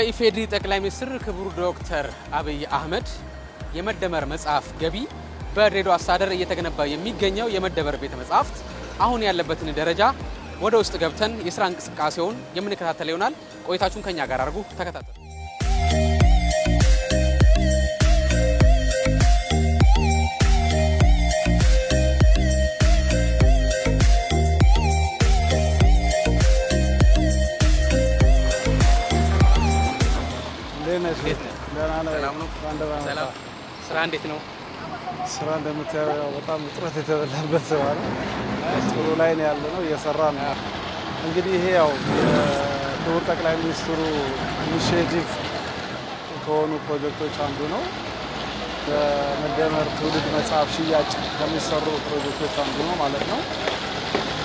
በኢፌዴሪ ጠቅላይ ሚኒስትር ክቡር ዶክተር አብይ አህመድ የመደመር መጽሐፍ ገቢ በድሬዳዋ አስተዳደር እየተገነባ የሚገኘው የመደመር ቤተ መጽሐፍት አሁን ያለበትን ደረጃ ወደ ውስጥ ገብተን የስራ እንቅስቃሴውን የምንከታተል ይሆናል። ቆይታችሁን ከኛ ጋር አድርጉ። ተከታተሉ። ስራ እንዴት ነው? ስራ እንደምታየው በጣም ውጥረት የተበላበት ስራ ነው። ጥሩ ላይ ነው ያለ ነው እየሰራ ነው። እንግዲህ ይሄ ያው ክቡር ጠቅላይ ሚኒስትሩ ኢኒሽቲቭ ከሆኑ ፕሮጀክቶች አንዱ ነው። በመደመር ትውልድ መጽሐፍ ሽያጭ ከሚሰሩ ፕሮጀክቶች አንዱ ነው ማለት ነው።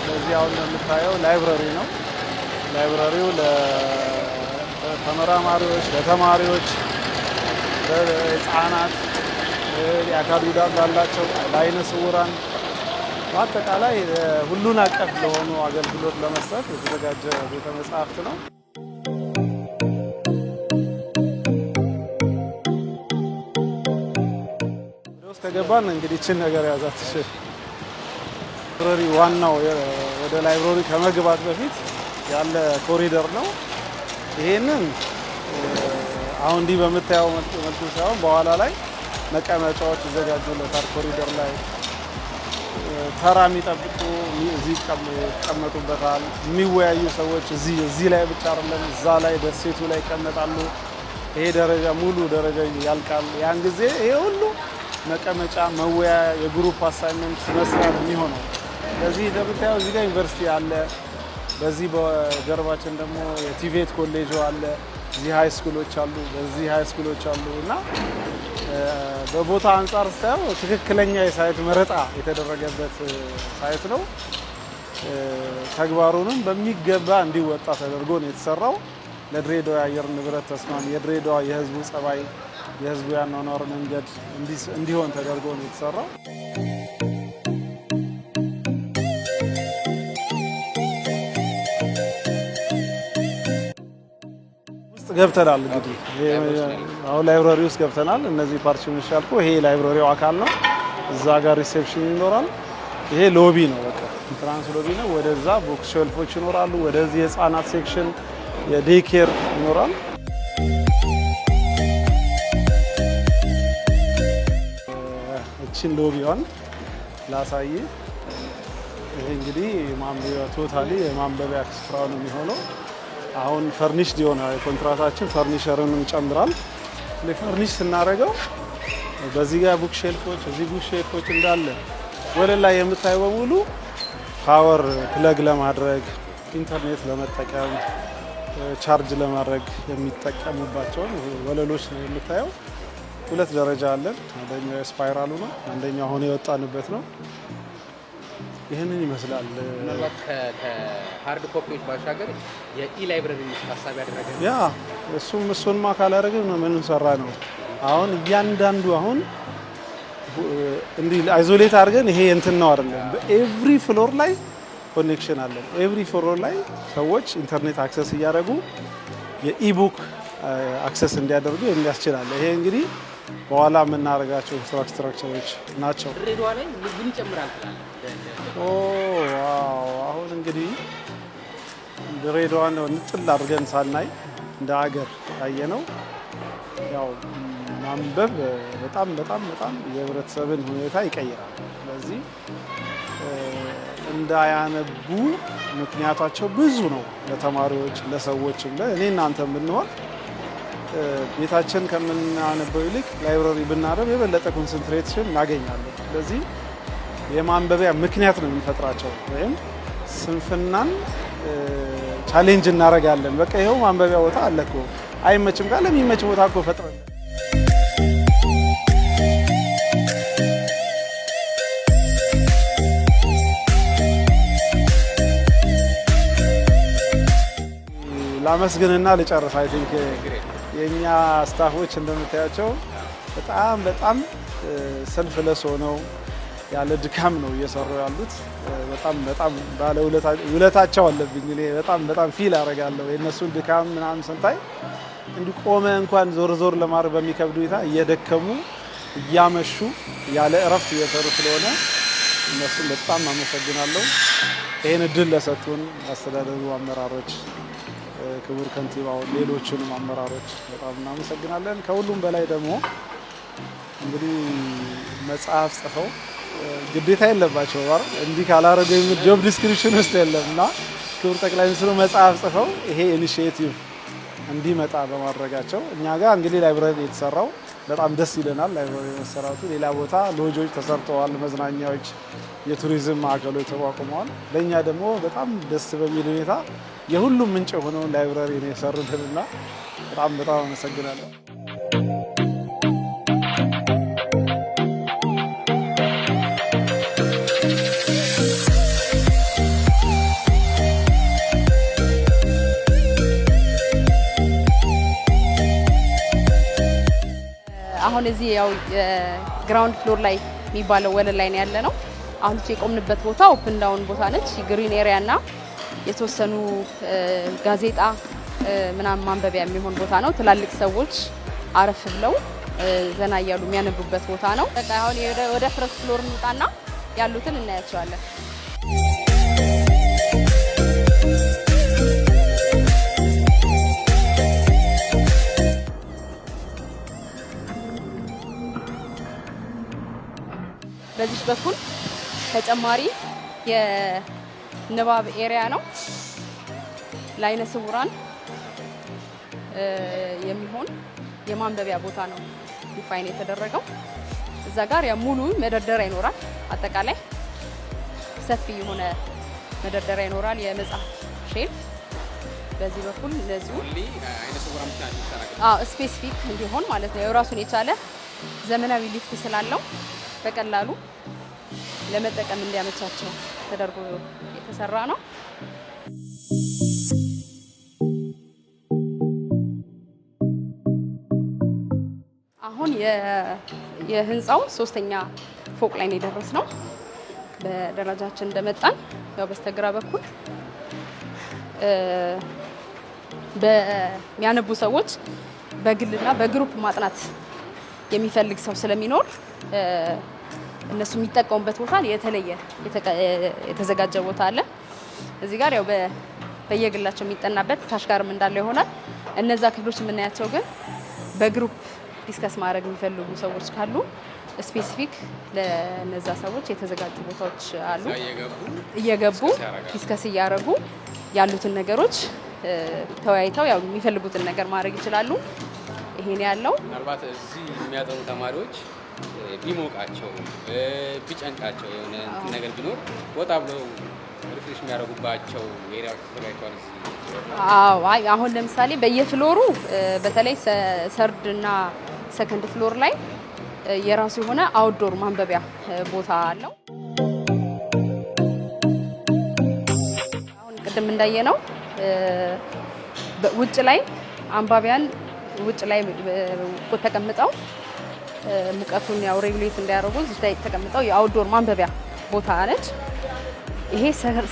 ስለዚህ አሁን የምታየው ላይብረሪ ነው። ላይብረሪው ተመራማሪዎች፣ ለተማሪዎች፣ ለህፃናት፣ የአካል ጉዳት ላላቸው፣ ለአይነ ስውራን በአጠቃላይ ሁሉን አቀፍ ለሆኑ አገልግሎት ለመስጠት የተዘጋጀ ቤተ መጽሐፍት ነው። ወደ ከገባን እንግዲህ ችን ነገር ያዛትሽ ላይብረሪ ዋናው ወደ ላይብረሪ ከመግባት በፊት ያለ ኮሪደር ነው። ይሄንን አሁን እንዲህ በምታየው መልኩ ሳይሆን በኋላ ላይ መቀመጫዎች ይዘጋጁለታል። ኮሪደር ላይ ተራ የሚጠብቁ እዚህ ይቀመጡበታል። የሚወያዩ ሰዎች እዚህ ላይ ብቻ አይደለም፣ እዛ ላይ ደሴቱ ላይ ይቀመጣሉ። ይሄ ደረጃ ሙሉ ደረጃ ያልቃል። ያን ጊዜ ይሄ ሁሉ መቀመጫ፣ መወያ የግሩፕ አሳይመንት መስራት የሚሆነው። ለዚህ እንደምታየው እዚህ ጋር ዩኒቨርሲቲ አለ። በዚህ በጀርባችን ደግሞ የቲቬት ኮሌጅ አለ። እዚህ ሀይ ስኩሎች አሉ፣ በዚህ ሀይ ስኩሎች አሉ እና በቦታ አንጻር ስታየው ትክክለኛ የሳይት መረጣ የተደረገበት ሳይት ነው። ተግባሩንም በሚገባ እንዲወጣ ተደርጎ ነው የተሰራው። ለድሬዳዋ የአየር ንብረት ተስማሚ የድሬዳዋ የህዝቡ ጸባይ፣ የህዝቡ ያኗኗር መንገድ እንዲሆን ተደርጎ ነው የተሰራው። ገብተናል። እንግዲህ አሁን ላይብራሪ ውስጥ ገብተናል። እነዚህ ፓርቲሽኖች ያልኩ ይሄ ላይብራሪው አካል ነው። እዛ ጋር ሪሴፕሽን ይኖራል። ይሄ ሎቢ ነው፣ በቃ ትራንስ ሎቢ ነው። ወደዛ ቦክስ ሸልፎች ይኖራሉ። ወደዚህ የህፃናት ሴክሽን የዴይ ኬር ይኖራል። እችን ሎቢዋን ላሳይ። ይሄ እንግዲህ ቶታሊ የማንበቢያ ስፍራውን የሚሆነው አሁን ፈርኒሽድ የሆነ ኮንትራታችን ፈርኒቸርንም ጨምራል። ፈርኒሽ ስናደርገው በዚህ ጋር ቡክ ሼልፎች፣ እዚህ ቡክ ሼልፎች እንዳለ ወለል ላይ የምታዩ በሙሉ ፓወር ፕለግ ለማድረግ ኢንተርኔት ለመጠቀም ቻርጅ ለማድረግ የሚጠቀሙባቸውን ወለሎች ነው የምታየው። ሁለት ደረጃ አለን። አንደኛው ስፓይራሉ ነው፣ አንደኛው አሁን የወጣንበት ነው። ይህንን ይመስላል። ምናልባት ከሀርድ ኮፒዎች ባሻገር የኢላይብረሪ ላይብረሪ ታሳቢ ያደረገ ያ እሱም እሱንማ ካላደረገ ምን ሰራ ነው። አሁን እያንዳንዱ አሁን እንዲህ አይዞሌት አድርገን ይሄ እንትን ነው አይደለም። በኤቭሪ ፍሎር ላይ ኮኔክሽን አለ። ኤቭሪ ፍሎር ላይ ሰዎች ኢንተርኔት አክሰስ እያደረጉ የኢቡክ አክሰስ እንዲያደርጉ የሚያስችላለ። ይሄ እንግዲህ በኋላ የምናደርጋቸው ኢንፍራስትራክቸሮች ናቸው። ድሬዳዋ ላይ ምን ይጨምራል? ዋው አሁን እንግዲህ ድሬዳዋን ንጥል አድርገን ሳናይ እንደ ሀገር ታየ ያው ማንበብ በጣም በጣም በጣም የህብረተሰብን ሁኔታ ይቀይራል። ስለዚህ እንዳያነቡ ምክንያታቸው ብዙ ነው። ለተማሪዎች ለሰዎችም፣ እኔ እናንተም ብንሆን ቤታችን ከምናነበው ይልቅ ላይብረሪ ብናረብ የበለጠ ኮንሰንትሬሽን እናገኛለን። ስለዚህ የማንበቢያ ምክንያት ነው የምንፈጥራቸው። ወይም ስንፍናን ቻሌንጅ እናደርጋለን። በቃ ይኸው ማንበቢያ ቦታ አለ እኮ አይመችም ካለ ለሚመች ቦታ እኮ ፈጥረን ላመስግንና ልጨርስ። አይ ቲንክ የእኛ ስታፎች እንደምታያቸው በጣም በጣም ሰልፍ ለስ ሆነው ያለ ድካም ነው እየሰሩ ያሉት። በጣም በጣም ባለ ውለታቸው አለብኝ እኔ በጣም በጣም ፊል አደርጋለሁ የእነሱን ድካም ምናምን ስንታይ እንዲ ቆመ እንኳን ዞር ዞር ለማድረግ በሚከብድ ሁኔታ እየደከሙ እያመሹ ያለ እረፍት እየሰሩ ስለሆነ እነሱን በጣም አመሰግናለሁ። ይህን እድል ለሰጡን አስተዳደሩ አመራሮች፣ ክቡር ከንቲባውን፣ ሌሎችንም አመራሮች በጣም እናመሰግናለን። ከሁሉም በላይ ደግሞ እንግዲህ መጽሐፍ ጽፈው ግዴታ የለባቸው ባ እንዲህ ካላረገ የሚል ጆብ ዲስክሪፕሽን ውስጥ የለም እና ክቡር ጠቅላይ ሚኒስትሩ መጽሐፍ ጽፈው ይሄ ኢኒሽቲቭ እንዲመጣ በማድረጋቸው እኛ ጋር እንግዲህ ላይብረሪ የተሰራው በጣም ደስ ይለናል። ላይብረሪ መሰራቱ ሌላ ቦታ ሎጆች ተሰርተዋል፣ መዝናኛዎች፣ የቱሪዝም ማዕከሎች ተቋቁመዋል። ለእኛ ደግሞ በጣም ደስ በሚል ሁኔታ የሁሉም ምንጭ የሆነውን ላይብረሪ ነው የሰሩትንና በጣም በጣም አመሰግናለሁ። አሁን እዚህ ያው ግራውንድ ፍሎር ላይ የሚባለው ወለል ላይ ነው ያለ ነው። አሁን የቆምንበት ቦታ ኦፕን ዳውን ቦታ ነች። ግሪን ኤሪያ እና የተወሰኑ ጋዜጣ ምናምን ማንበቢያ የሚሆን ቦታ ነው። ትላልቅ ሰዎች አረፍ ብለው ዘና እያሉ የሚያነቡበት ቦታ ነው። በቃ አሁን ወደ ፍረስ ፍሎር እንውጣና ያሉትን እናያቸዋለን። በዚህ በኩል ተጨማሪ የንባብ ኤሪያ ነው። ለአይነ ስውራን የሚሆን የማንበቢያ ቦታ ነው ዲፋይን የተደረገው። እዛ ጋር ሙሉ መደርደሪያ ይኖራል። አጠቃላይ ሰፊ የሆነ መደርደሪያ ይኖራል። የመጽሐፍ ሼልፍ በዚህ በኩል እንደዚሁ ስፔሲፊክ እንዲሆን ማለት ነው። የራሱን የቻለ ዘመናዊ ሊፍት ስላለው በቀላሉ ለመጠቀም እንዲያመቻቸው ተደርጎ የተሰራ ነው። አሁን የህንፃው ሶስተኛ ፎቅ ላይ ነው ነው። በደረጃችን እንደመጣን ያው በስተግራ በኩል በሚያነቡ ሰዎች በግልና በግሩፕ ማጥናት የሚፈልግ ሰው ስለሚኖር እነሱ የሚጠቀሙበት ቦታ የተለየ የተዘጋጀ ቦታ አለ። እዚህ ጋር ያው በየግላቸው የሚጠናበት ታሽ ጋርም እንዳለ ይሆናል። እነዛ ክፍሎች የምናያቸው ግን በግሩፕ ዲስከስ ማድረግ የሚፈልጉ ሰዎች ካሉ ስፔሲፊክ ለነዛ ሰዎች የተዘጋጁ ቦታዎች አሉ። እየገቡ ዲስከስ እያደረጉ ያሉትን ነገሮች ተወያይተው ያው የሚፈልጉትን ነገር ማድረግ ይችላሉ። ይሄን ያለው ምናልባት እዚህ የሚያጠኑ ተማሪዎች ቢሞቃቸው ቢጨንቃቸው የሆነ እንትን ነገር ቢኖር ወጣ ብለው ሪፍሬሽ የሚያደርጉባቸው ኤሪያዎች ተዘጋጅተዋል። አይ አሁን ለምሳሌ በየፍሎሩ በተለይ ሰርድ እና ሰከንድ ፍሎር ላይ የራሱ የሆነ አውትዶር ማንበቢያ ቦታ አለው። አሁን ቅድም እንዳየነው ውጭ ላይ አንባቢያን ውጭ ላይ ተቀምጠው ሙቀቱን ያው ሬጉሌት እንዲያደርጉ እዚህ ላይ ተቀምጠው የአውትዶር ማንበቢያ ቦታ ነች። ይሄ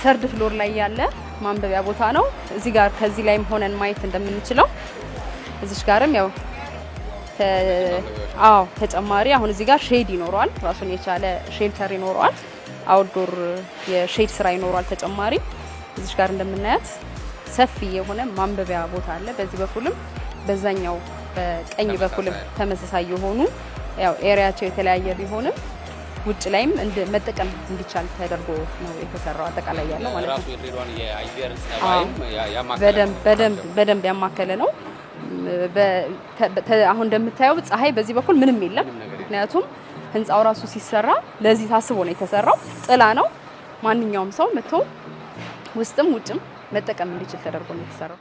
ሰርድ ፍሎር ላይ ያለ ማንበቢያ ቦታ ነው። እዚህ ጋር ከዚህ ላይም ሆነን ማየት እንደምንችለው እዚሽ ጋርም ያው አዎ ተጨማሪ አሁን እዚህ ጋር ሼድ ይኖረዋል። ራሱን የቻለ ሼልተር ይኖረዋል። አውትዶር የሼድ ስራ ይኖረዋል ተጨማሪ። እዚሽ ጋር እንደምናያት ሰፊ የሆነ ማንበቢያ ቦታ አለ። በዚህ በኩልም በዛኛው በቀኝ በኩልም ተመሳሳይ የሆኑ ያው ኤሪያቸው የተለያየ ቢሆንም ውጭ ላይም መጠቀም እንዲቻል ተደርጎ ነው የተሰራው። አጠቃላይ ያለው ማለት በደንብ ያማከለ ነው። አሁን እንደምታየው ፀሐይ በዚህ በኩል ምንም የለም። ምክንያቱም ህንፃው ራሱ ሲሰራ ለዚህ ታስቦ ነው የተሰራው። ጥላ ነው። ማንኛውም ሰው መጥቶ ውስጥም ውጭም መጠቀም እንዲችል ተደርጎ ነው የተሰራው።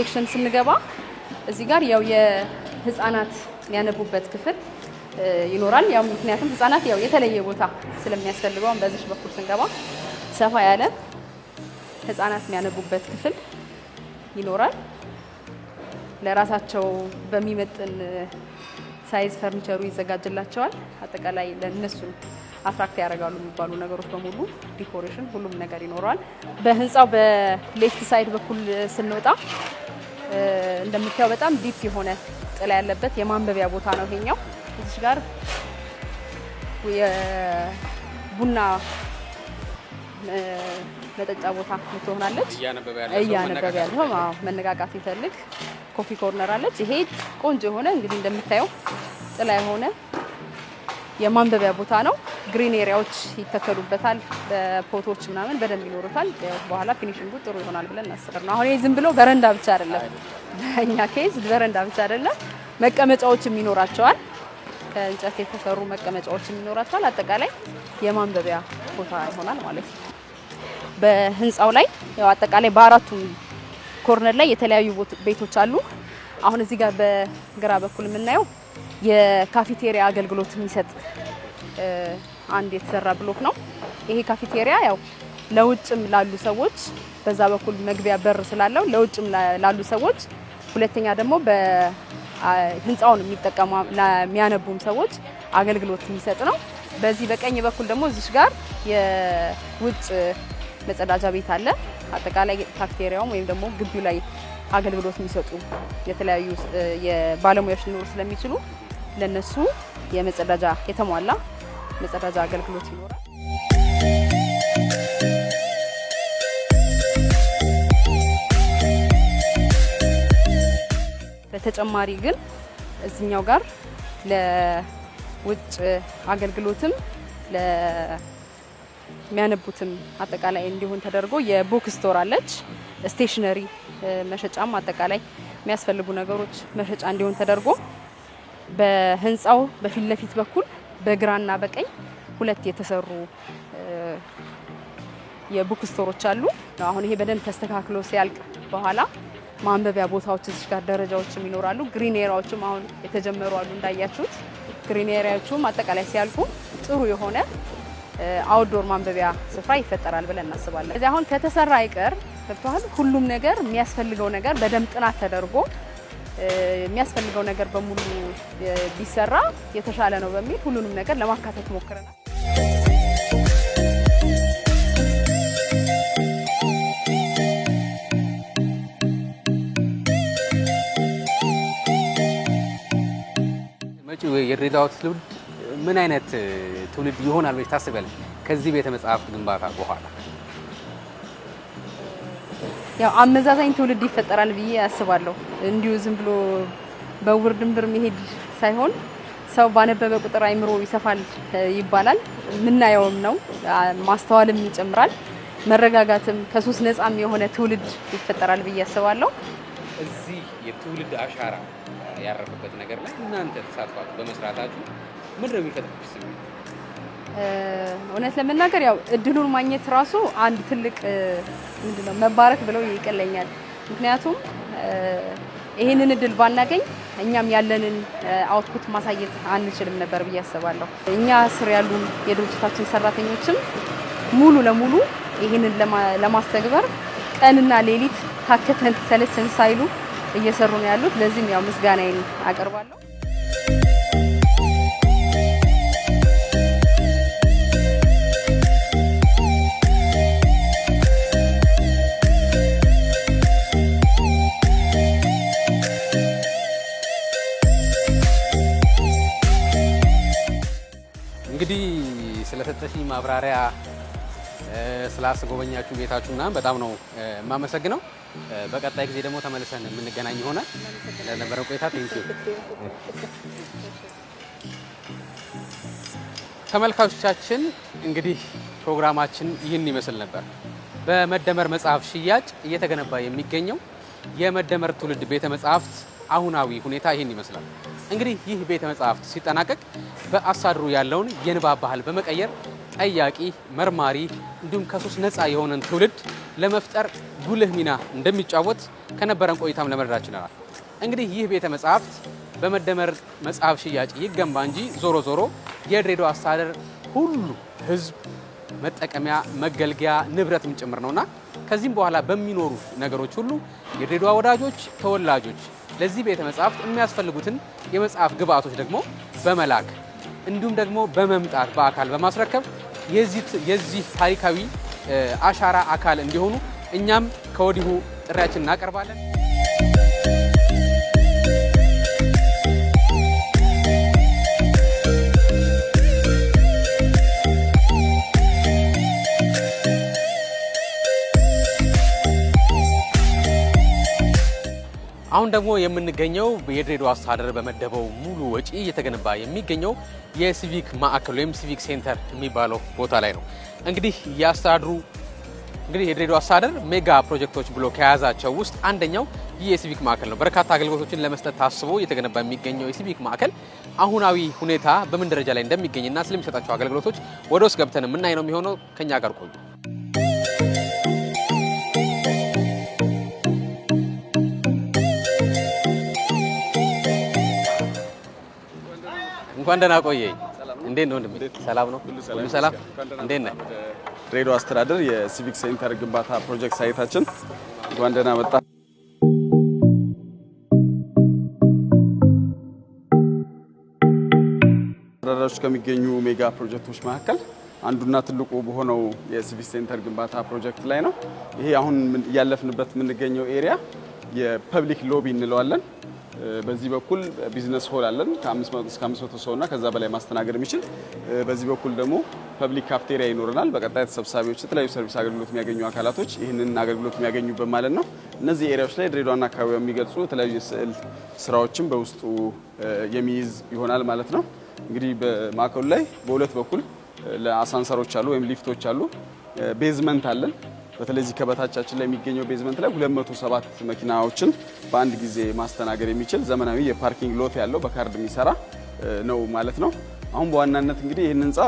ሴክሽን ስንገባ እዚህ ጋር ያው የህፃናት የሚያነቡበት ክፍል ይኖራል። ያው ምክንያቱም ህፃናት ያው የተለየ ቦታ ስለሚያስፈልገው በዚህ በኩል ስንገባ ሰፋ ያለ ህፃናት የሚያነቡበት ክፍል ይኖራል። ለራሳቸው በሚመጥን ሳይዝ ፈርኒቸሩ ይዘጋጅላቸዋል። አጠቃላይ ለእነሱን አትራክት ያደርጋሉ የሚባሉ ነገሮች በሙሉ ዲኮሬሽን፣ ሁሉም ነገር ይኖረዋል። በህንፃው በሌፍት ሳይድ በኩል ስንወጣ እንደምታየው በጣም ዲፕ የሆነ ጥላ ያለበት የማንበቢያ ቦታ ነው ይሄኛው። እዚህ ጋር የቡና መጠጫ ቦታ ትሆናለች። እያነበበ ያለው መነቃቃት ይፈልግ ኮፊ ኮርነር አለች። ይሄ ቆንጆ የሆነ እንግዲህ እንደምታየው ጥላ የሆነ የማንበቢያ ቦታ ነው። ግሪን ኤሪያዎች ይተከሉበታል። በፖቶች ምናምን በደንብ ይኖሩታል። በኋላ ፊኒሽንጉ ጥሩ ይሆናል ብለን እናስበር ነው። አሁን ዝም ብሎ በረንዳ ብቻ አይደለም፣ በእኛ ኬዝ በረንዳ ብቻ አይደለም፣ መቀመጫዎችም ይኖራቸዋል። ከእንጨት የተሰሩ መቀመጫዎችም ይኖራቸዋል። አጠቃላይ የማንበቢያ ቦታ ይሆናል ማለት ነው። በህንፃው ላይ ያው አጠቃላይ በአራቱም ኮርነር ላይ የተለያዩ ቤቶች አሉ። አሁን እዚህ ጋር በግራ በኩል የምናየው የካፌቴሪያ አገልግሎት የሚሰጥ አንድ የተሰራ ብሎክ ነው። ይሄ ካፌቴሪያ ያው ለውጭም ላሉ ሰዎች በዛ በኩል መግቢያ በር ስላለው ለውጭም ላሉ ሰዎች፣ ሁለተኛ ደግሞ በህንፃውን የሚጠቀሙ ለሚያነቡም ሰዎች አገልግሎት የሚሰጥ ነው። በዚህ በቀኝ በኩል ደግሞ እዚሽ ጋር የውጭ መጸዳጃ ቤት አለ። አጠቃላይ ካፍቴሪያውም ወይም ደግሞ ግቢው ላይ አገልግሎት የሚሰጡ የተለያዩ የባለሙያዎች ሊኖሩ ስለሚችሉ ለነሱ የመጸዳጃ የተሟላ መጸዳጃ አገልግሎት ይኖራል። በተጨማሪ ግን እዚኛው ጋር ለውጭ አገልግሎትም ለሚያነቡትም አጠቃላይ እንዲሆን ተደርጎ የቡክ ስቶር አለች። ስቴሽነሪ መሸጫም አጠቃላይ የሚያስፈልጉ ነገሮች መሸጫ እንዲሆን ተደርጎ በህንፃው በፊት ለፊት በኩል በግራና በቀኝ ሁለት የተሰሩ የቡክ ስቶሮች አሉ። አሁን ይሄ በደንብ ተስተካክሎ ሲያልቅ በኋላ ማንበቢያ ቦታዎች እዚህ ጋር ደረጃዎችም ይኖራሉ። ግሪን ኤሪያዎችም አሁን የተጀመሩ አሉ እንዳያችሁት። ግሪን አጠቃላይ ሲያልቁ ጥሩ የሆነ አውትዶር ማንበቢያ ስፍራ ይፈጠራል ብለን እናስባለን። እዚህ አሁን ከተሰራ አይቀር ሁሉም ነገር የሚያስፈልገው ነገር በደንብ ጥናት ተደርጎ የሚያስፈልገው ነገር በሙሉ ቢሰራ የተሻለ ነው በሚል ሁሉንም ነገር ለማካተት ሞክረናል። መጪው የድሬዳዋ ትውልድ ምን አይነት ትውልድ ይሆናል ብለሽ ታስቢያለሽ? ከዚህ ቤተ መጽሐፍት ግንባታ በኋላ ያው አመዛዛኝ ትውልድ ይፈጠራል ብዬ አስባለሁ። እንዲሁ ዝም ብሎ በውር ድንብር መሄድ ሳይሆን ሰው ባነበበ ቁጥር አይምሮ ይሰፋል ይባላል። ምናየውም ነው፣ ማስተዋልም ይጨምራል፣ መረጋጋትም ከሱስ ነፃም የሆነ ትውልድ ይፈጠራል ብዬ አስባለሁ። እዚህ የትውልድ አሻራ ያረፈበት ነገር ላይ እናንተ ተሳትፋችሁ በመስራታችሁ ምን ነው የሚፈጥርብሽ ስሜት? እውነት ለመናገር ያው እድሉን ማግኘት ራሱ አንድ ትልቅ ምንድነው መባረክ ብለው ይቀለኛል። ምክንያቱም ይህንን እድል ባናገኝ እኛም ያለንን አውትፑት ማሳየት አንችልም ነበር ብዬ አስባለሁ። እኛ ስር ያሉ የድርጅታችን ሰራተኞችም ሙሉ ለሙሉ ይህንን ለማስተግበር ቀንና ሌሊት ታከተን ሰለቸን ሳይሉ እየሰሩ ነው ያሉት። ለዚህም ያው ምስጋናዬን አቀርባለሁ። ስለሰጠሽኝ ማብራሪያ ስላስጎበኛችሁ ቤታችሁ ምናምን በጣም ነው የማመሰግነው። በቀጣይ ጊዜ ደግሞ ተመልሰን የምንገናኝ ይሆናል። ለነበረው ቆይታ ቴንኪው። ተመልካቾቻችን እንግዲህ ፕሮግራማችን ይህን ይመስል ነበር። በመደመር መጽሐፍ ሽያጭ እየተገነባ የሚገኘው የመደመር ትውልድ ቤተ መጽሐፍት አሁናዊ ሁኔታ ይህን ይመስላል። እንግዲህ ይህ ቤተ መጻሕፍት ሲጠናቀቅ በአሳድሩ ያለውን የንባብ ባህል በመቀየር ጠያቂ፣ መርማሪ እንዲሁም ከሱስ ነፃ የሆነን ትውልድ ለመፍጠር ጉልህ ሚና እንደሚጫወት ከነበረን ቆይታም ለመረዳት ችለናል። እንግዲህ ይህ ቤተ መጻሕፍት በመደመር መጽሐፍ ሽያጭ ይገንባ እንጂ ዞሮ ዞሮ የድሬዳዋ አስተዳደር ሁሉ ህዝብ መጠቀሚያ መገልገያ ንብረትም ጭምር ነውና ከዚህም በኋላ በሚኖሩ ነገሮች ሁሉ የድሬዳዋ ወዳጆች፣ ተወላጆች ለዚህ ቤተ መጻሕፍት የሚያስፈልጉትን የመጽሐፍ ግብአቶች ደግሞ በመላክ እንዲሁም ደግሞ በመምጣት በአካል በማስረከብ የዚህ ታሪካዊ አሻራ አካል እንዲሆኑ እኛም ከወዲሁ ጥሪያችን እናቀርባለን። አሁን ደግሞ የምንገኘው የድሬዳዋ አስተዳደር በመደበው ሙሉ ወጪ እየተገነባ የሚገኘው የሲቪክ ማዕከል ወይም ሲቪክ ሴንተር የሚባለው ቦታ ላይ ነው። እንግዲህ የአስተዳድሩ እንግዲህ የድሬዳዋ አስተዳደር ሜጋ ፕሮጀክቶች ብሎ ከያዛቸው ውስጥ አንደኛው ይህ የሲቪክ ማዕከል ነው። በርካታ አገልግሎቶችን ለመስጠት ታስቦ እየተገነባ የሚገኘው የሲቪክ ማዕከል አሁናዊ ሁኔታ በምን ደረጃ ላይ እንደሚገኝና ስለሚሰጣቸው አገልግሎቶች ወደ ውስጥ ገብተን የምናይ ነው የሚሆነው። ከኛ ጋር ቆዩ። እንኳን ደህና ቆየኝ። እንዴት ነው ወንድሜ? ሰላም ነው ሁሉ ሰላም። እንዴት ነህ? ድሬዳዋ አስተዳደር የሲቪክ ሴንተር ግንባታ ፕሮጀክት ሳይታችን እንኳን ደህና መጣ። አስተዳዳሪዎች ከሚገኙ ሜጋ ፕሮጀክቶች መካከል አንዱና ትልቁ በሆነው የሲቪክ ሴንተር ግንባታ ፕሮጀክት ላይ ነው። ይሄ አሁን እያለፍንበት የምንገኘው ኤሪያ የፐብሊክ ሎቢ እንለዋለን። በዚህ በኩል ቢዝነስ ሆል አለን እስከ 500 ሰው እና ከዛ በላይ ማስተናገድ የሚችል በዚህ በኩል ደግሞ ፐብሊክ ካፍቴሪያ ይኖረናል። በቀጣይ ተሰብሳቢዎች፣ የተለያዩ ሰርቪስ አገልግሎት የሚያገኙ አካላቶች ይህንን አገልግሎት የሚያገኙበት ማለት ነው። እነዚህ ኤሪያዎች ላይ ድሬዳዋና አካባቢ የሚገልጹ የተለያዩ የስዕል ስራዎችን በውስጡ የሚይዝ ይሆናል ማለት ነው። እንግዲህ በማዕከሉ ላይ በሁለት በኩል ለአሳንሰሮች አሉ ወይም ሊፍቶች አሉ። ቤዝመንት አለን በተለይ እዚህ ከበታቻችን ላይ የሚገኘው ቤዝመንት ላይ 207 መኪናዎችን በአንድ ጊዜ ማስተናገድ የሚችል ዘመናዊ የፓርኪንግ ሎት ያለው በካርድ የሚሰራ ነው ማለት ነው። አሁን በዋናነት እንግዲህ ይህን ህንፃ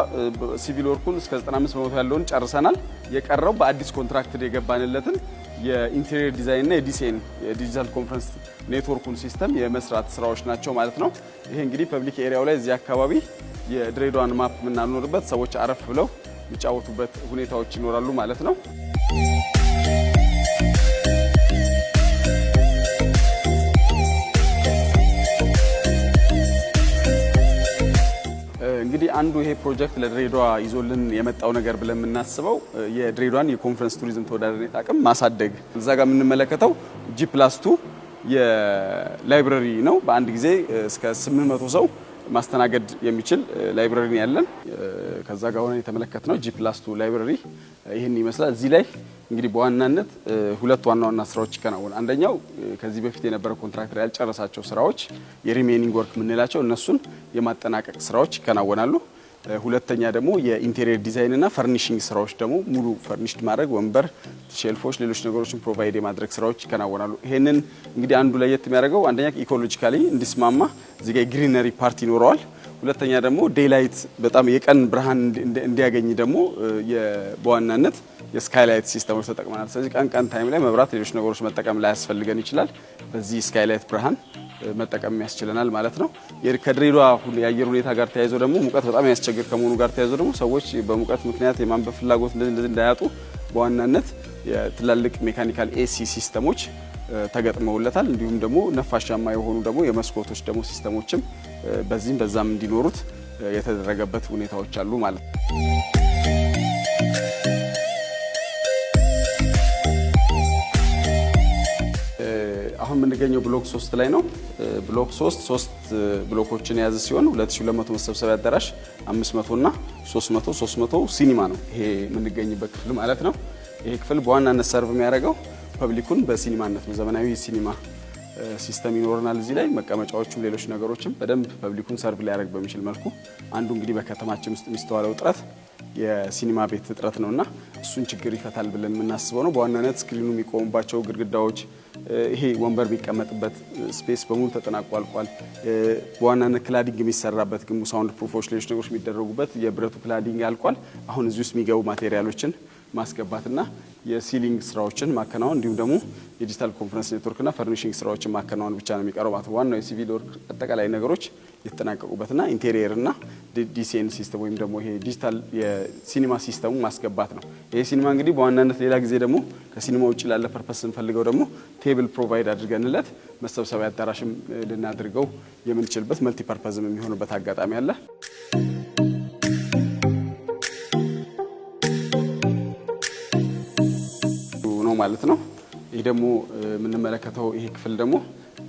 ሲቪል ወርኩን እስከ 95 በመቶ ያለውን ጨርሰናል። የቀረው በአዲስ ኮንትራክት የገባንለትን የኢንቴሪየር ዲዛይን እና የዲሴን የዲጂታል ኮንፈረንስ ኔትወርኩን ሲስተም የመስራት ስራዎች ናቸው ማለት ነው። ይሄ እንግዲህ ፐብሊክ ኤሪያው ላይ እዚህ አካባቢ የድሬዳዋን ማፕ የምናኖርበት ሰዎች አረፍ ብለው የሚጫወቱበት ሁኔታዎች ይኖራሉ ማለት ነው። እንግዲህ አንዱ ይሄ ፕሮጀክት ለድሬዳዋ ይዞልን የመጣው ነገር ብለን የምናስበው የድሬዳዋን የኮንፈረንስ ቱሪዝም ተወዳዳሪነት አቅም ማሳደግ። እዛ ጋር የምንመለከተው ጂ ፕላስ ቱ የላይብረሪ ነው። በአንድ ጊዜ እስከ 800 ሰው ማስተናገድ የሚችል ላይብረሪ ያለን ከዛ ጋር ሆነን የተመለከት ነው። ጂፕላስቱ ቱ ላይብረሪ ይህን ይመስላል። እዚህ ላይ እንግዲህ በዋናነት ሁለት ዋና ዋና ስራዎች ይከናወን። አንደኛው ከዚህ በፊት የነበረ ኮንትራክተር ያልጨረሳቸው ስራዎች የሪሜኒንግ ወርክ የምንላቸው እነሱን የማጠናቀቅ ስራዎች ይከናወናሉ። ሁለተኛ ደግሞ የኢንቴሪየር ዲዛይን እና ፈርኒሽንግ ስራዎች ደግሞ ሙሉ ፈርኒሽድ ማድረግ ወንበር፣ ሼልፎች፣ ሌሎች ነገሮችን ፕሮቫይድ የማድረግ ስራዎች ይከናወናሉ። ይህንን እንግዲህ አንዱ ለየት የሚያደርገው አንደኛ ኢኮሎጂካሊ እንዲስማማ እዚህ ጋር የግሪነሪ ፓርት ይኖረዋል። ሁለተኛ ደግሞ ዴይላይት በጣም የቀን ብርሃን እንዲያገኝ ደግሞ በዋናነት የስካይላይት ሲስተሞች ተጠቅመናል። ስለዚህ ቀን ቀን ታይም ላይ መብራት፣ ሌሎች ነገሮች መጠቀም ላያስፈልገን ይችላል። በዚህ ስካይላይት ብርሃን መጠቀም ያስችለናል ማለት ነው። ከድሬዳዋ የአየር ሁኔታ ጋር ተያይዞ ደግሞ ሙቀት በጣም ያስቸግር ከመሆኑ ጋር ተያይዞ ደግሞ ሰዎች በሙቀት ምክንያት የማንበብ ፍላጎት እንደዚህ እንዳያጡ በዋናነት የትላልቅ ሜካኒካል ኤሲ ሲስተሞች ተገጥመውለታል። እንዲሁም ደግሞ ነፋሻማ የሆኑ ደግሞ የመስኮቶች ደግሞ ሲስተሞችም በዚህም በዛም እንዲኖሩት የተደረገበት ሁኔታዎች አሉ ማለት ነው። የሚገኘው ብሎክ ሶስት ላይ ነው። ብሎክ ሶስት ሶስት ብሎኮችን የያዘ ሲሆን 2200 መሰብሰቢያ አዳራሽ 500 እና 300 300 ሲኒማ ነው ይሄ የምንገኝበት ክፍል ማለት ነው። ይሄ ክፍል በዋናነት ሰርቭ የሚያደርገው ፐብሊኩን በሲኒማነት ነው። ዘመናዊ ሲኒማ ሲስተም ይኖረናል እዚህ ላይ መቀመጫዎችም ሌሎች ነገሮችም በደንብ ፐብሊኩን ሰርቭ ሊያደርግ በሚችል መልኩ አንዱ እንግዲህ በከተማችን ውስጥ የሚስተዋለው ጥረት የሲኒማ ቤት እጥረት ነው እና እሱን ችግር ይፈታል ብለን የምናስበው ነው። በዋናነት ስክሪኑ የሚቆሙባቸው ግድግዳዎች፣ ይሄ ወንበር የሚቀመጥበት ስፔስ በሙሉ ተጠናቆ አልቋል። በዋናነት ክላዲንግ የሚሰራበት ግንቡ፣ ሳውንድ ፕሩፎች፣ ሌሎች ነገሮች የሚደረጉበት የብረቱ ክላዲንግ አልቋል። አሁን እዚህ ውስጥ የሚገቡ ማቴሪያሎችን ማስገባትና የሲሊንግ ስራዎችን ማከናወን እንዲሁም ደግሞ የዲጂታል ኮንፈረንስ ኔትወርክና ፈርኒሽንግ ስራዎችን ማከናወን ብቻ ነው የሚቀርባት ዋናው የሲቪል ወርክ አጠቃላይ ነገሮች የተጠናቀቁበትና ኢንቴሪየርና ዲሲኤን ሲስተም ወይም ደግሞ ይሄ ዲጂታል የሲኒማ ሲስተሙ ማስገባት ነው። ይሄ ሲኒማ እንግዲህ በዋናነት ሌላ ጊዜ ደግሞ ከሲኒማ ውጭ ላለ ፐርፐስ ስንፈልገው ደግሞ ቴብል ፕሮቫይድ አድርገንለት መሰብሰቢያ አዳራሽም ልናድርገው የምንችልበት መልቲ ፐርፐዝም የሚሆንበት አጋጣሚ አለ። ማለት ነው። ይህ ደግሞ የምንመለከተው ይህ ክፍል ደግሞ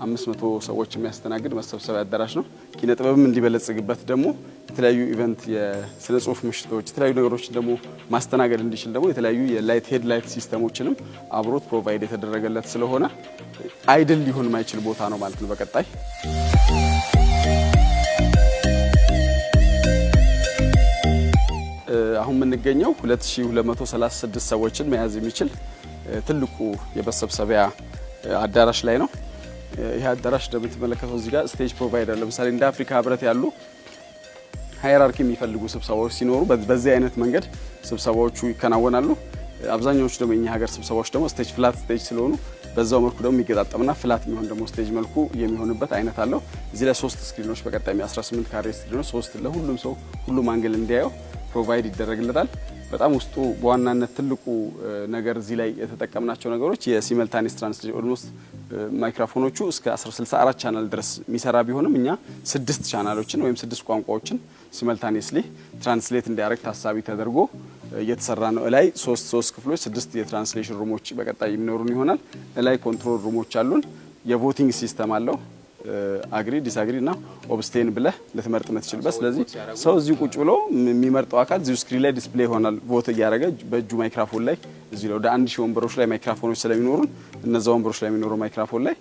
አምስት መቶ ሰዎች የሚያስተናግድ መሰብሰቢያ አዳራሽ ነው። ኪነ ጥበብም እንዲበለጽግበት ደግሞ የተለያዩ ኢቨንት፣ የስነ ጽሁፍ ምሽቶች፣ የተለያዩ ነገሮችን ደግሞ ማስተናገድ እንዲችል ደግሞ የተለያዩ የላይት ሄድ ላይት ሲስተሞችንም አብሮት ፕሮቫይድ የተደረገለት ስለሆነ አይድል ሊሆን የማይችል ቦታ ነው ማለት ነው በቀጣይ አሁን የምንገኘው 2236 ሰዎችን መያዝ የሚችል ትልቁ የመሰብሰቢያ አዳራሽ ላይ ነው። ይህ አዳራሽ እንደምትመለከተው እዚህ ጋር ስቴጅ ፕሮቫይደር ለምሳሌ እንደ አፍሪካ ህብረት ያሉ ሃይራርኪ የሚፈልጉ ስብሰባዎች ሲኖሩ በዚህ አይነት መንገድ ስብሰባዎቹ ይከናወናሉ። አብዛኛዎቹ ደግሞ የኛ ሀገር ስብሰባዎች ደግሞ ስቴጅ ፍላት ስቴጅ ስለሆኑ በዛው መልኩ ደግሞ የሚገጣጠምና ፍላት የሚሆን ደግሞ ስቴጅ መልኩ የሚሆንበት አይነት አለው። እዚህ ላይ ሶስት ስክሪኖች በቀጣሚ 18 ካሬ ስክሪኖች ሶስት ለሁሉም ሰው ሁሉም አንግል እንዲያየው ፕሮቫይድ ይደረግለታል። በጣም ውስጡ በዋናነት ትልቁ ነገር እዚህ ላይ የተጠቀምናቸው ነገሮች የሲመልታኒስ ትራንስሌሽን ኦልሞስት ማይክሮፎኖቹ እስከ 164 ቻናል ድረስ የሚሰራ ቢሆንም እኛ ስድስት ቻናሎችን ወይም ስድስት ቋንቋዎችን ሲመልታኒስሊ ትራንስሌት እንዲያደርግ ታሳቢ ተደርጎ እየተሰራ ነው። እላይ ሶስት ሶስት ክፍሎች ስድስት የትራንስሌሽን ሩሞች በቀጣይ የሚኖሩን ይሆናል። እላይ ኮንትሮል ሩሞች አሉን። የቮቲንግ ሲስተም አለው። አግሪ ዲስአግሪ እና ኦብስቴን ብለህ ልትመርጥ የምትችልበት። ስለዚህ ሰው እዚሁ ቁጭ ብሎ የሚመርጠው አካል እዚሁ ስክሪን ላይ ዲስፕሌይ ይሆናል። ቮት እያደረገ በእጁ ማይክራፎን ላይ እዚህ ወደ አንድ ሺህ ወንበሮች ላይ ማይክራፎኖች ስለሚኖሩን እነዛ ወንበሮች ላይ የሚኖሩ ማይክራፎን ላይ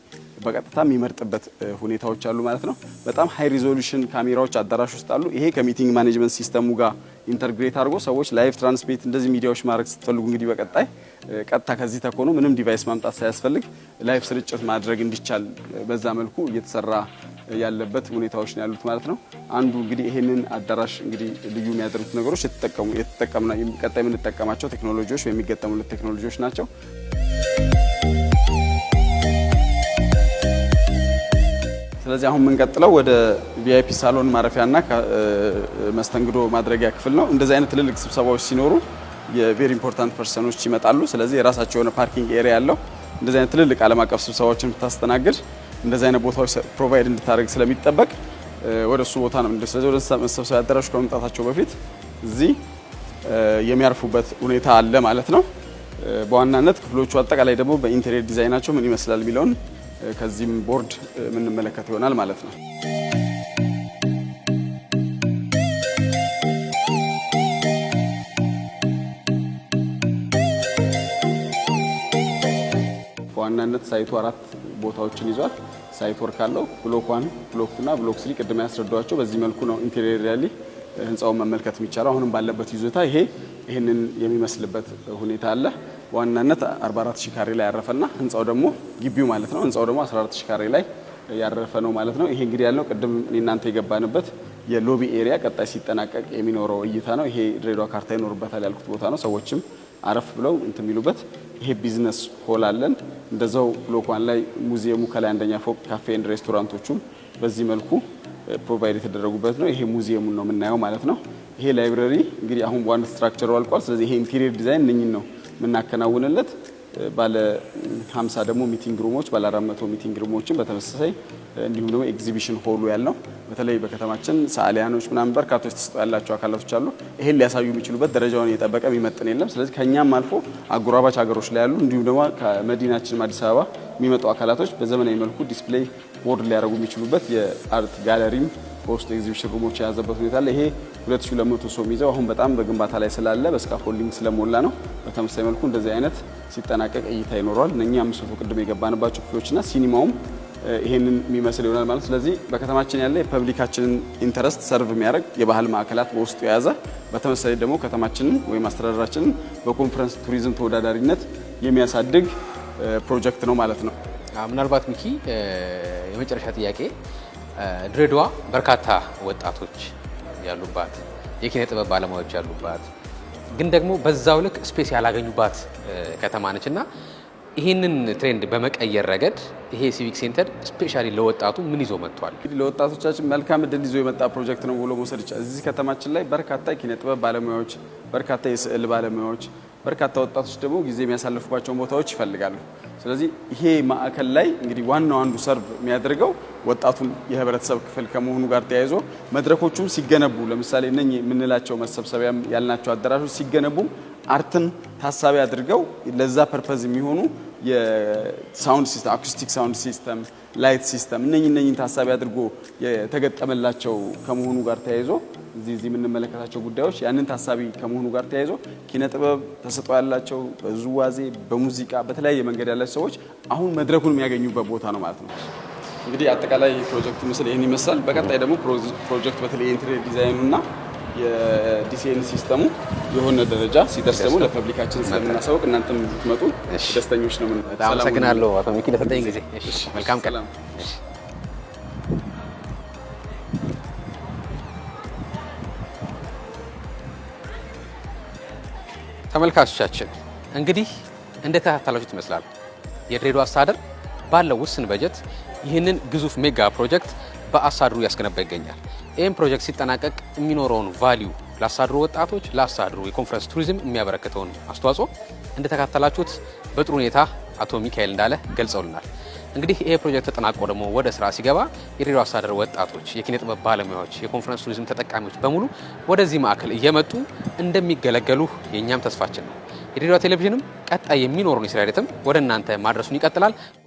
በቀጥታ የሚመርጥበት ሁኔታዎች አሉ ማለት ነው። በጣም ሀይ ሪዞሉሽን ካሜራዎች አዳራሽ ውስጥ አሉ። ይሄ ከሚቲንግ ማኔጅመንት ሲስተሙ ጋር ኢንተርግሬት አድርጎ ሰዎች ላይቭ ትራንስሜት እንደዚህ ሚዲያዎች ማድረግ ስትፈልጉ እንግዲህ በቀጣይ ቀጥታ ከዚህ ተኮኖ ምንም ዲቫይስ ማምጣት ሳያስፈልግ ላይፍ ስርጭት ማድረግ እንዲቻል በዛ መልኩ እየተሰራ ያለበት ሁኔታዎች ነው ያሉት ማለት ነው። አንዱ እንግዲህ ይህንን አዳራሽ እንግዲህ ልዩ የሚያደርጉት ነገሮች ቀጣይ የምንጠቀማቸው ቴክኖሎጂዎች የሚገጠሙለት ቴክኖሎጂዎች ናቸው። ስለዚህ አሁን የምንቀጥለው ወደ ቪአይፒ ሳሎን ማረፊያና መስተንግዶ ማድረጊያ ክፍል ነው። እንደዚህ አይነት ትልልቅ ስብሰባዎች ሲኖሩ የቬሪ ኢምፖርታንት ፐርሰኖች ይመጣሉ። ስለዚህ የራሳቸው የሆነ ፓርኪንግ ኤሪያ ያለው እንደዚህ አይነት ትልልቅ ዓለም አቀፍ ስብሰባዎችን የምታስተናግድ እንደዚህ አይነት ቦታዎች ፕሮቫይድ እንድታደርግ ስለሚጠበቅ ወደ እሱ ቦታ ነው። ስለዚህ ወደ መሰብሰቢያ አዳራሹ ከመምጣታቸው በፊት እዚህ የሚያርፉበት ሁኔታ አለ ማለት ነው። በዋናነት ክፍሎቹ አጠቃላይ ደግሞ በኢንቴሪየር ዲዛይናቸው ምን ይመስላል የሚለውን ከዚህም ቦርድ የምንመለከት ይሆናል ማለት ነው። በዋናነት ሳይቱ አራት ቦታዎችን ይዟል። ሳይት ወርክ አለው። ብሎክ ዋን፣ ብሎክ ቱና፣ ብሎክ ስሪ ቅድም ያስረዷቸው በዚህ መልኩ ነው ኢንቴሪየር ህንፃውን መመልከት የሚቻለው። አሁንም ባለበት ይዞታ ይሄ ይህንን የሚመስልበት ሁኔታ አለ። በዋናነት 44 ሺ ካሬ ላይ ያረፈና ህንፃው ደግሞ ግቢው ማለት ነው ህንፃው ደግሞ 14 ካሬ ላይ ያረፈ ነው ማለት ነው። ይሄ እንግዲህ ያለው ቅድም እናንተ የገባንበት የሎቢ ኤሪያ ቀጣይ ሲጠናቀቅ የሚኖረው እይታ ነው። ይሄ ድሬዳዋ ካርታ ይኖርበታል ያልኩት ቦታ ነው። ሰዎችም አረፍ ብለው እንትን የሚሉበት ይሄ ቢዝነስ ሆል አለን። እንደዛው ብሎኳን ላይ ሙዚየሙ ከላይ አንደኛ ፎቅ ካፌን ሬስቶራንቶቹም በዚህ መልኩ ፕሮቫይድ የተደረጉበት ነው። ይሄ ሙዚየሙን ነው የምናየው ማለት ነው። ይሄ ላይብረሪ እንግዲህ አሁን በአንድ ስትራክቸሩ አልቋል። ስለዚህ ይሄ ኢንቴሪየር ዲዛይን እነኝን ነው የምናከናውንለት። ባለ 50 ደግሞ ሚቲንግ ሩሞች ባለ 400 ሚቲንግ ሩሞችን በተመሳሳይ እንዲሁም ደግሞ ኤግዚቢሽን ሆሉ ያልነው በተለይ በከተማችን ሰዓሊያኖች ምናምን በርካቶች ተሰጥኦ ያላቸው አካላቶች አሉ። ይሄን ሊያሳዩ የሚችሉበት ደረጃውን የጠበቀ የሚመጥን የለም። ስለዚህ ከእኛም አልፎ አጎራባች ሀገሮች ላይ ያሉ እንዲሁም ደግሞ ከመዲናችን አዲስ አበባ የሚመጡ አካላቶች በዘመናዊ መልኩ ዲስፕሌይ ቦርድ ሊያደርጉ የሚችሉበት የአርት ጋለሪም በውስጡ ኤግዚቢሽን ሩሞች የያዘበት ሁኔታ አለ። ይሄ 2200 ሰው የሚይዘው አሁን በጣም በግንባታ ላይ ስላለ በስካፎልዲንግ ስለሞላ ነው። በተመሳሳይ መልኩ እንደዚህ አይነት ሲጠናቀቅ እይታ ይኖረዋል። እነኛ አምስት መቶ ቅድም የገባንባቸው ክፍሎችና ሲኒማውም ይሄንን የሚመስል ይሆናል ማለት። ስለዚህ በከተማችን ያለ የፐብሊካችንን ኢንተረስት ሰርቭ የሚያደርግ የባህል ማዕከላት በውስጡ የያዘ በተመሳሳይ ደግሞ ከተማችንን ወይም አስተዳደራችንን በኮንፈረንስ ቱሪዝም ተወዳዳሪነት የሚያሳድግ ፕሮጀክት ነው ማለት ነው። ምናልባት ሚኪ የመጨረሻ ጥያቄ ድሬዳዋ በርካታ ወጣቶች ያሉባት የኪነ ጥበብ ባለሙያዎች ያሉባት ግን ደግሞ በዛው ልክ ስፔስ ያላገኙባት ከተማ ነች እና ይህንን ትሬንድ በመቀየር ረገድ ይሄ ሲቪክ ሴንተር ስፔሻሊ ለወጣቱ ምን ይዞ መጥቷል? ለወጣቶቻችን መልካም እድል ይዞ የመጣ ፕሮጀክት ነው ብሎ መውሰድ ይቻላል። እዚህ ከተማችን ላይ በርካታ የኪነ ጥበብ ባለሙያዎች፣ በርካታ የስዕል ባለሙያዎች፣ በርካታ ወጣቶች ደግሞ ጊዜ የሚያሳልፉባቸውን ቦታዎች ይፈልጋሉ። ስለዚህ ይሄ ማዕከል ላይ እንግዲህ ዋናው አንዱ ሰርቭ የሚያደርገው ወጣቱን የህብረተሰብ ክፍል ከመሆኑ ጋር ተያይዞ መድረኮቹም ሲገነቡ ለምሳሌ እነ የምንላቸው መሰብሰቢያ ያልናቸው አዳራሾች ሲገነቡ አርትን ታሳቢ አድርገው ለዛ ፐርፐዝ የሚሆኑ የሳውንድ ሲስተም አኩስቲክ ሳውንድ ሲስተም፣ ላይት ሲስተም እነ እነኝን ታሳቢ አድርጎ የተገጠመላቸው ከመሆኑ ጋር ተያይዞ እዚህ እዚህ የምንመለከታቸው ጉዳዮች ያንን ታሳቢ ከመሆኑ ጋር ተያይዞ ኪነ ጥበብ ተሰጥኦ ያላቸው በዙዋዜ በሙዚቃ በተለያየ መንገድ ያላቸው ሰዎች አሁን መድረኩን የሚያገኙበት ቦታ ነው ማለት ነው። እንግዲህ አጠቃላይ ፕሮጀክት ምስል ይህን ይመስላል። በቀጣይ ደግሞ ፕሮጀክት በተለይ ኢንቴሪየር ዲዛይኑ እና የዲሲኤን ሲስተሙ የሆነ ደረጃ ሲደርስ ደግሞ ለፐብሊካችን ስለምናሳውቅ እናንተም ምትመጡ ደስተኞች ነው። በጣም አመሰግናለሁ አቶ ሚኪ ለሰጠኝ ጊዜ። መልካም ቀን። ተመልካቾቻችን እንግዲህ እንደ ይመስላል የድሬዳዋ አስተዳደር ባለው ውስን በጀት ይህንን ግዙፍ ሜጋ ፕሮጀክት በአሳድሩ እያስገነባ ይገኛል። ይህም ፕሮጀክት ሲጠናቀቅ የሚኖረውን ቫሊዩ ለአሳድሩ ወጣቶች፣ ለአሳድሩ የኮንፈረንስ ቱሪዝም የሚያበረክተውን አስተዋጽኦ እንደተካተላችሁት በጥሩ ሁኔታ አቶ ሚካኤል እንዳለ ገልጸውልናል። እንግዲህ ይሄ ፕሮጀክት ተጠናቆ ደግሞ ወደ ስራ ሲገባ የድሬዳዋ አስተዳደር ወጣቶች፣ የኪነ ጥበብ ባለሙያዎች፣ የኮንፈረንስ ቱሪዝም ተጠቃሚዎች በሙሉ ወደዚህ ማዕከል እየመጡ እንደሚገለገሉ የእኛም ተስፋችን ነው። የድሬዳዋ ቴሌቪዥንም ቀጣይ የሚኖሩን የስራ ሂደትም ወደ እናንተ ማድረሱን ይቀጥላል።